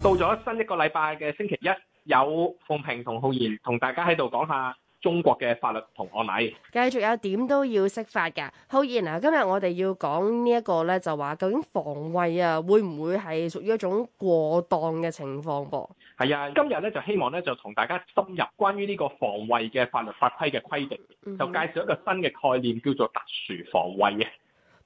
到咗新一個禮拜嘅星期一，有鳳平同浩然同大家喺度講下中國嘅法律同案例。繼續有、啊、點都要識法噶浩然啊，今日我哋要講呢一個咧，就話究竟防衛啊會唔會係屬於一種過當嘅情況噃、啊？係啊，今日咧就希望咧就同大家深入關於呢個防衛嘅法律法規嘅規定，就介紹一個新嘅概念叫做特殊防衛。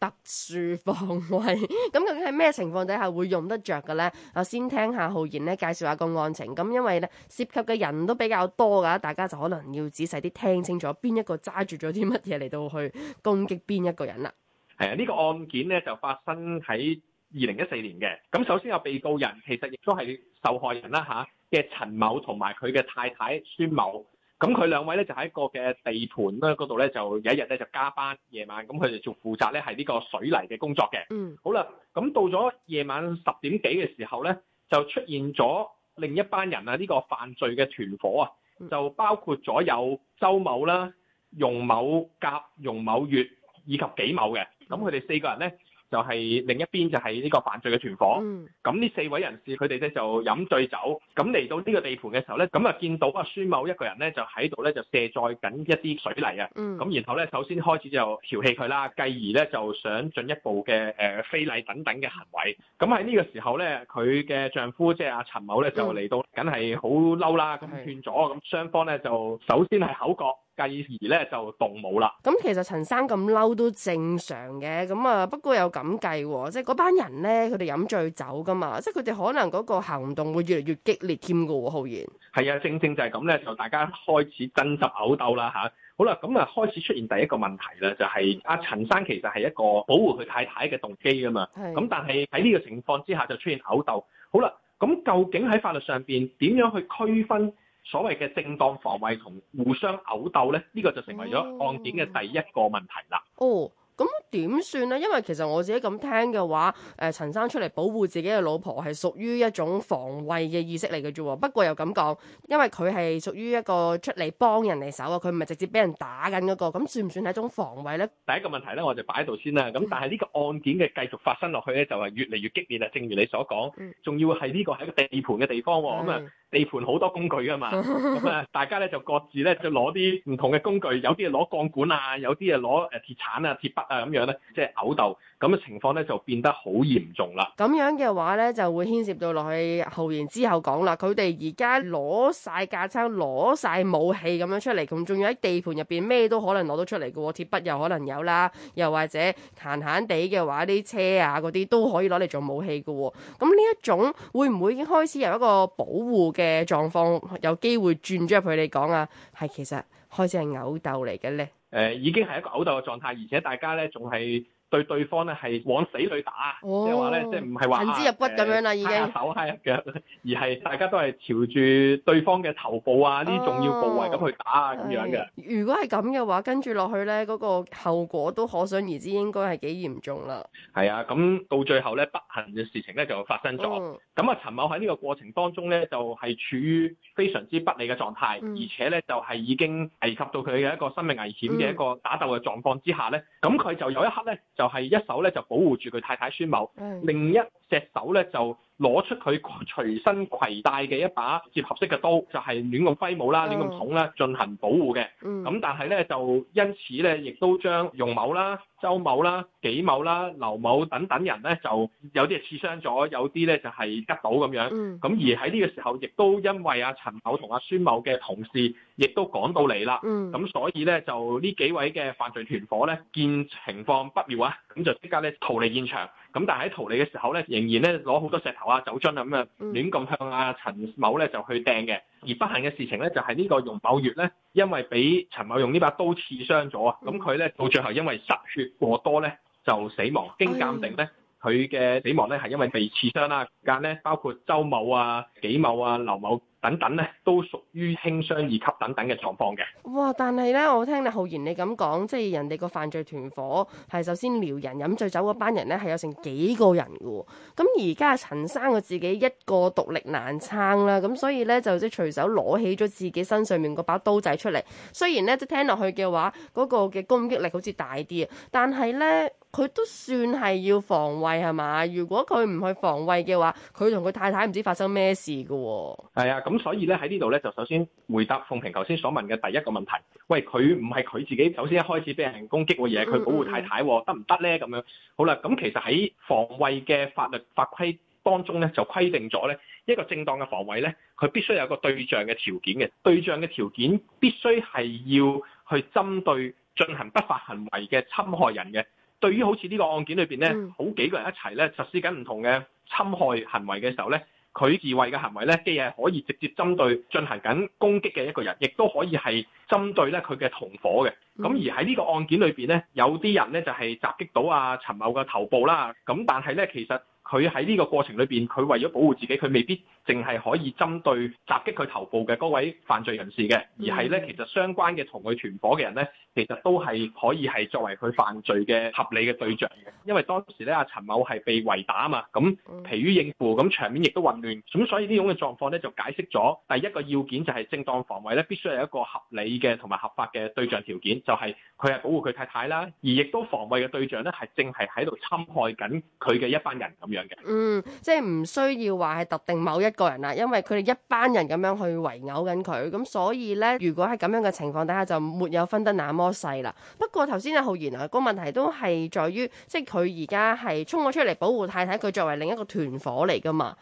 特殊防衞，咁究竟喺咩情況底下會用得着嘅咧？我先聽下浩然咧介紹下個案情，咁因為咧涉及嘅人都比較多噶，大家就可能要仔細啲聽清楚邊一個揸住咗啲乜嘢嚟到去攻擊邊一個人啦。係啊，呢個案件咧就發生喺二零一四年嘅。咁首先有被告人其實亦都係受害人啦吓嘅陳某同埋佢嘅太太孫某。咁佢兩位咧就喺個個嘅地盤嗰度咧就有一日咧就加班夜晚，咁佢哋做負責咧係呢個水泥嘅工作嘅。嗯好。好啦，咁到咗夜晚十點幾嘅時候咧，就出現咗另一班人啊！呢、呢個犯罪嘅團伙啊，就包括咗有周某啦、容某甲、容某乙以及紀某嘅。咁佢哋四個人咧。就係、是、另一邊就係呢個犯罪嘅團伙、嗯，咁呢四位人士佢哋咧就飲醉酒，咁嚟到呢個地盤嘅時候咧，咁啊見到阿孫某一個人咧就喺度咧就卸載緊一啲水泥啊，咁、嗯、然後咧首先開始就調戲佢啦，繼而咧就想進一步嘅誒、呃、非禮等等嘅行為，咁喺呢個時候咧佢嘅丈夫即係阿陳某咧就嚟到，梗係好嬲啦，咁勸咗，咁雙方咧就首先係口角。繼而咧就動武啦。咁其實陳生咁嬲都正常嘅。咁啊不過有咁計喎，即係嗰班人咧佢哋飲醉酒噶嘛，即係佢哋可能嗰個行動會越嚟越激烈添噶喎，浩然。係啊，正正就係咁咧，就大家開始爭執、毆鬥啦吓，好啦，咁啊開始出現第一個問題啦，就係、是、阿陳生其實係一個保護佢太太嘅動機啊嘛。係。咁但係喺呢個情況之下就出現毆鬥。好啦，咁究竟喺法律上面點樣去區分？所謂嘅正當防衛同互相毆鬥咧，呢、這個就成為咗案件嘅第一個問題啦、嗯。哦，咁點算呢？因為其實我自己咁聽嘅話，誒、呃、陳生出嚟保護自己嘅老婆係屬於一種防衛嘅意識嚟嘅啫喎。不過又咁講，因為佢係屬於一個出嚟幫人哋手啊，佢唔係直接俾人打緊嗰個，咁算唔算係一種防衛呢？第一個問題呢，我就擺喺度先啦。咁但係呢個案件嘅繼續發生落去呢，就係越嚟越激烈啦。正如你所講，仲要係呢個係一個地盤嘅地方喎，咁、嗯、啊～、嗯地盤好多工具㗎嘛，咁 啊大家咧就各自咧就攞啲唔同嘅工具，有啲啊攞鋼管啊，有啲啊攞誒鐵鏟啊、鐵筆啊咁樣咧，即係嘔鬥。咁嘅情況咧就變得好嚴重啦。咁樣嘅話咧就會牽涉到落去浩然之後講啦。佢哋而家攞晒架撐、攞晒武器咁樣出嚟，咁仲要喺地盤入面咩都可能攞到出嚟嘅喎。鐵筆又可能有啦，又或者閒閒地嘅話，啲車啊嗰啲都可以攞嚟做武器嘅喎。咁呢一種會唔會已經開始由一個保護嘅狀況有機會轉咗入去你講啊？係其實開始係毆鬥嚟嘅咧。誒，已經係一個毆鬥鬥嘅狀態，而且大家咧仲係。對，對對方咧係往死裏打，即係話咧，即係唔係話殘肢入骨咁樣啦，已、呃、經，插手插、腳、哦，而係大家都係朝住對方嘅頭部啊，呢、哦、重要部位咁去打啊，咁、哎、樣嘅。如果係咁嘅話，跟住落去咧，嗰、那個後果都可想而知，應該係幾嚴重啦。係啊，咁到最後咧，不幸嘅事情咧就發生咗。咁、哦、啊，陳某喺呢個過程當中咧，就係、是、處於非常之不利嘅狀態，嗯、而且咧就係、是、已經危及到佢嘅一個生命危險嘅一個打鬥嘅狀況之下咧，咁佢就有一刻咧。嗯就係、是、一手咧就保護住佢太太孫某，另一隻手咧就。攞出佢隨身攜帶嘅一把摺合式嘅刀，就係亂咁揮舞啦，亂咁捅啦，進行保護嘅。咁、mm. 但係咧，就因此咧，亦都將容某啦、周某啦、紀某啦、劉某等等人咧，就有啲係刺傷咗，有啲咧就係吉到咁樣。咁、mm. 而喺呢個時候，亦都因為阿、啊、陳某同阿、啊、孫某嘅同事，亦都趕到嚟啦。咁、mm. 所以咧，就呢幾位嘅犯罪團伙咧，見情況不妙啊，咁就即刻咧逃離現場。咁但係喺逃離嘅時候咧，仍然咧攞好多石頭啊、酒樽啊咁啊亂咁向阿陳某咧就去掟嘅，而不幸嘅事情咧就係呢個容某月咧，因為俾陳某用呢把刀刺傷咗啊，咁佢咧到最後因為失血過多咧就死亡，經鑑定咧佢嘅死亡咧係因為被刺傷啦，間咧包括周某啊、紀某啊、劉某，等等咧，都屬於輕傷二級等等嘅狀況嘅。哇！但係咧，我聽李浩然你咁講，即係人哋個犯罪團伙係首先撩人飲醉酒嗰班人咧，係有成幾個人嘅喎。咁而家陳生佢自己一個獨力難撐啦，咁所以咧就即係隨手攞起咗自己身上面嗰把刀仔出嚟。雖然咧即係聽落去嘅話，嗰個嘅攻擊力好似大啲，但係咧佢都算係要防衞係嘛？如果佢唔去防衞嘅話，佢同佢太太唔知發生咩事嘅喎。係啊。咁所以咧喺呢度咧就首先回答鳳萍頭先所問嘅第一個問題。喂，佢唔係佢自己首先一開始俾人攻擊，而係佢保護太太得唔得咧？咁樣好啦，咁其實喺防衛嘅法律法規當中咧，就規定咗咧一個正當嘅防衛咧，佢必須有個對象嘅條件嘅。對象嘅條件必須係要去針對進行不法行為嘅侵害人嘅。對於好似呢個案件裏邊咧，好幾個人一齊咧實施緊唔同嘅侵害行為嘅時候咧。佢自衛嘅行為咧，既係可以直接針對進行緊攻擊嘅一個人，亦都可以係針對咧佢嘅同伙嘅。咁而喺呢個案件裏面咧，有啲人咧就係襲擊到阿陳某嘅頭部啦。咁但係咧，其實，佢喺呢個過程裏邊，佢為咗保護自己，佢未必淨係可以針對襲擊佢頭部嘅嗰位犯罪人士嘅，而係呢，其實相關嘅同佢團伙嘅人呢，其實都係可以係作為佢犯罪嘅合理嘅對象嘅。因為當時呢，阿陳某係被圍打嘛，咁疲於應付，咁場面亦都混亂，咁所以呢種嘅狀況呢，就解釋咗第一個要件就係正當防衛呢必須係一個合理嘅同埋合法嘅對象條件，就係佢係保護佢太太啦，而亦都防衛嘅對象呢，係淨係喺度侵害緊佢嘅一班人咁樣。嗯，即係唔需要話係特定某一個人啦，因為佢哋一班人咁樣去圍毆緊佢，咁所以呢，如果係咁樣嘅情況底下，就沒有分得那麼細啦。不過頭先阿浩然啊，個問題都係在於，即係佢而家係衝我出嚟保護太太，佢作為另一個團伙嚟噶嘛。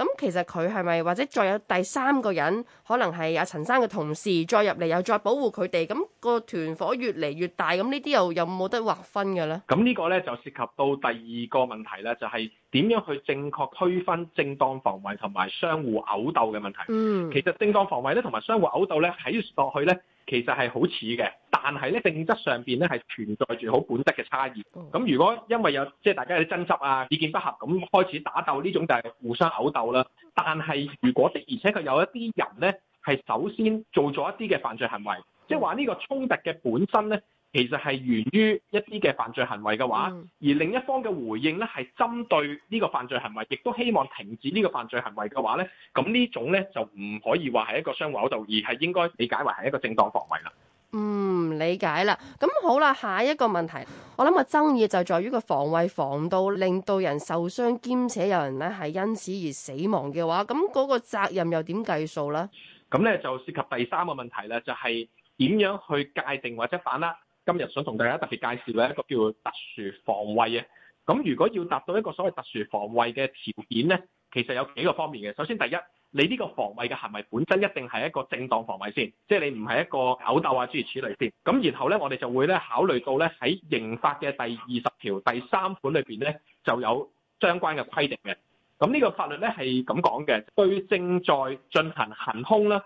咁其實佢係咪或者再有第三個人，可能係阿陳生嘅同事再入嚟又再保護佢哋？咁、個團伙越嚟越大，咁呢啲又，又有冇得劃分嘅咧？咁呢個咧就涉及到第二個問題咧，就係、是、點樣去正確區分正當防衞同埋相互毆鬥嘅問題、嗯。其實正當防衞咧同埋相互毆鬥咧喺落去咧。其實係好似嘅，但係咧性質上邊咧係存在住好本質嘅差異。咁如果因為有即係、就是、大家有啲爭執啊、意見不合咁開始打鬥呢種，就係互相毆鬥啦。但係如果的而且佢有一啲人咧係首先做咗一啲嘅犯罪行為，即係話呢個衝突嘅本身咧。其實係源於一啲嘅犯罪行為嘅話，嗯，而另一方嘅回應咧係針對呢個犯罪行為，亦都希望停止呢個犯罪行為嘅話咧，咁呢種咧就唔可以話係一個傷口度，而係應該理解為係一個正當防衛啦。嗯，理解啦。咁好啦，下一個問題，我諗嘅爭議就係在於個防衛防到令到人受傷，兼且有人咧係因此而死亡嘅話，咁嗰個責任又點計數咧？咁咧就涉及第三個問題啦，就係、是、點樣去界定或者反啦？今日想同大家特別介紹嘅一個叫特殊防衛。咁如果要達到一個所謂特殊防衛嘅條件咧，其實有幾個方面嘅。首先第一，你呢個防衛嘅行為本身一定係一個正當防衛先，即係你唔係一個毆鬥啊諸如此類先。咁然後咧，我哋就會咧考慮到咧喺刑法嘅第二十條第三款裏面咧就有相關嘅規定嘅。咁呢個法律咧係咁講嘅，對於正在進行行凶啦、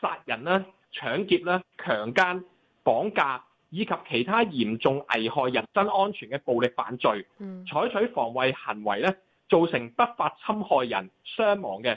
殺人啦、搶劫啦、強姦、綁架。以及其他嚴重危害人身安全嘅暴力犯罪，採取防衛行為咧，造成不法侵害人傷亡嘅，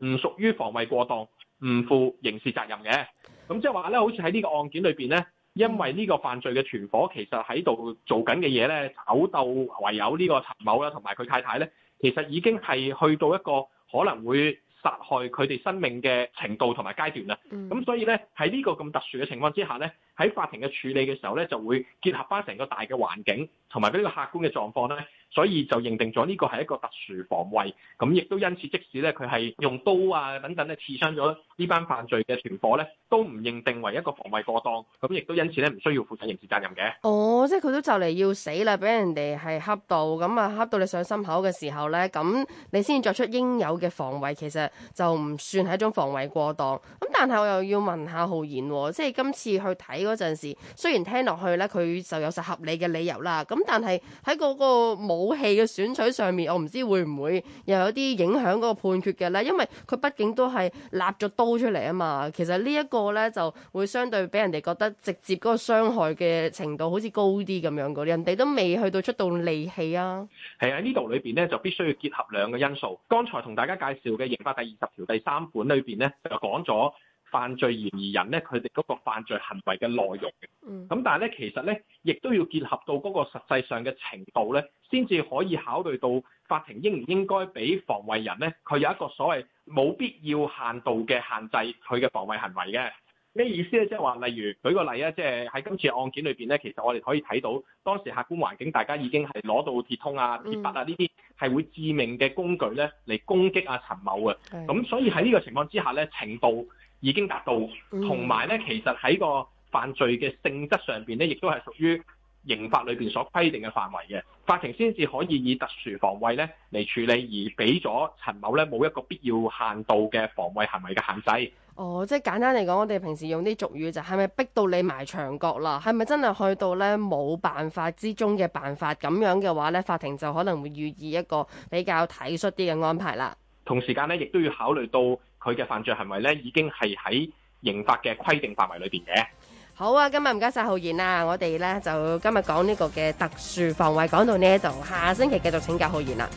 唔屬於防衛過當，唔負刑事責任嘅。咁即係話咧，好似喺呢個案件裏面，咧，因為呢個犯罪嘅團伙，其實喺度做緊嘅嘢咧，鬥到唯有呢個陳某啦，同埋佢太太咧，其實已經係去到一個可能會，殺害佢哋生命嘅程度同埋階段啦，咁所以咧，喺呢個咁特殊嘅情況之下咧，喺法庭嘅處理嘅時候咧，就會結合翻成個大嘅環境同埋呢個客觀嘅狀況咧。所以就認定咗呢個係一個特殊防衛，咁亦都因此即使咧佢係用刀啊、等等咧刺傷咗呢班犯罪嘅團伙咧，都唔認定為一個防衛過當，咁亦都因此咧唔需要負責刑事責任嘅。哦，即係佢都就嚟要死啦，俾人哋係恰到，咁啊恰到你上心口嘅時候咧，咁你先作出應有嘅防衛，其實就唔算係一種防衛過當。但係我又要問下浩然喎，即係今次去睇嗰陣時，雖然聽落去咧佢就有實合理嘅理由啦。咁但係喺嗰個武器嘅選取上面，我唔知會唔會又有啲影響嗰個判決嘅咧？因為佢畢竟都係立咗刀出嚟啊嘛。其實呢一個咧就會相對俾人哋覺得直接嗰個傷害嘅程度好似高啲咁樣嗰啲，人哋都未去到出到利器啊。係啊，呢度裏邊咧就必須要結合兩個因素。剛才同大家介紹嘅刑法第二十條第三款裏邊咧就講咗。犯罪嫌疑人咧，佢哋嗰個犯罪行為嘅內容嘅，咁、嗯、但係，咧，其實呢，咧，亦都要結合到嗰個實際上嘅程度咧，先至可以考慮到法庭應唔應該俾防衛人咧，佢有一個所謂冇必要限度嘅限制佢嘅防衛行為嘅。咩意思咧？即係話，例如舉個例啊，即係喺今次案件裏邊，咧，其實我哋可以睇到當時客觀環境，大家已經係攞到鐵通啊、鐵筆啊呢啲係會致命嘅工具咧嚟攻擊啊陳某嘅。咁所以喺呢個情況之下咧，程度。已經達到，同埋咧，其實喺個犯罪嘅性質上邊咧，亦都係屬於刑法裏邊所規定嘅範圍嘅，法庭先至可以以特殊防衛咧嚟處理，而俾咗陳某咧冇一個必要限度嘅防衛行為嘅限制。哦，即係簡單嚟講，我哋平時用啲俗語就係咪逼到你埋牆角啦？係咪真係去到咧冇辦法之中嘅辦法咁樣嘅話咧，法庭就可能會予以一個比較體恤啲嘅安排啦。同時間咧，亦都要考慮到。佢嘅犯罪行為咧，已經係喺刑法嘅規定範圍裏邊嘅。好啊，今日唔該晒浩然啊，我哋咧就今日講呢個嘅特殊防衞講到呢一度，下星期繼續請教浩然啦。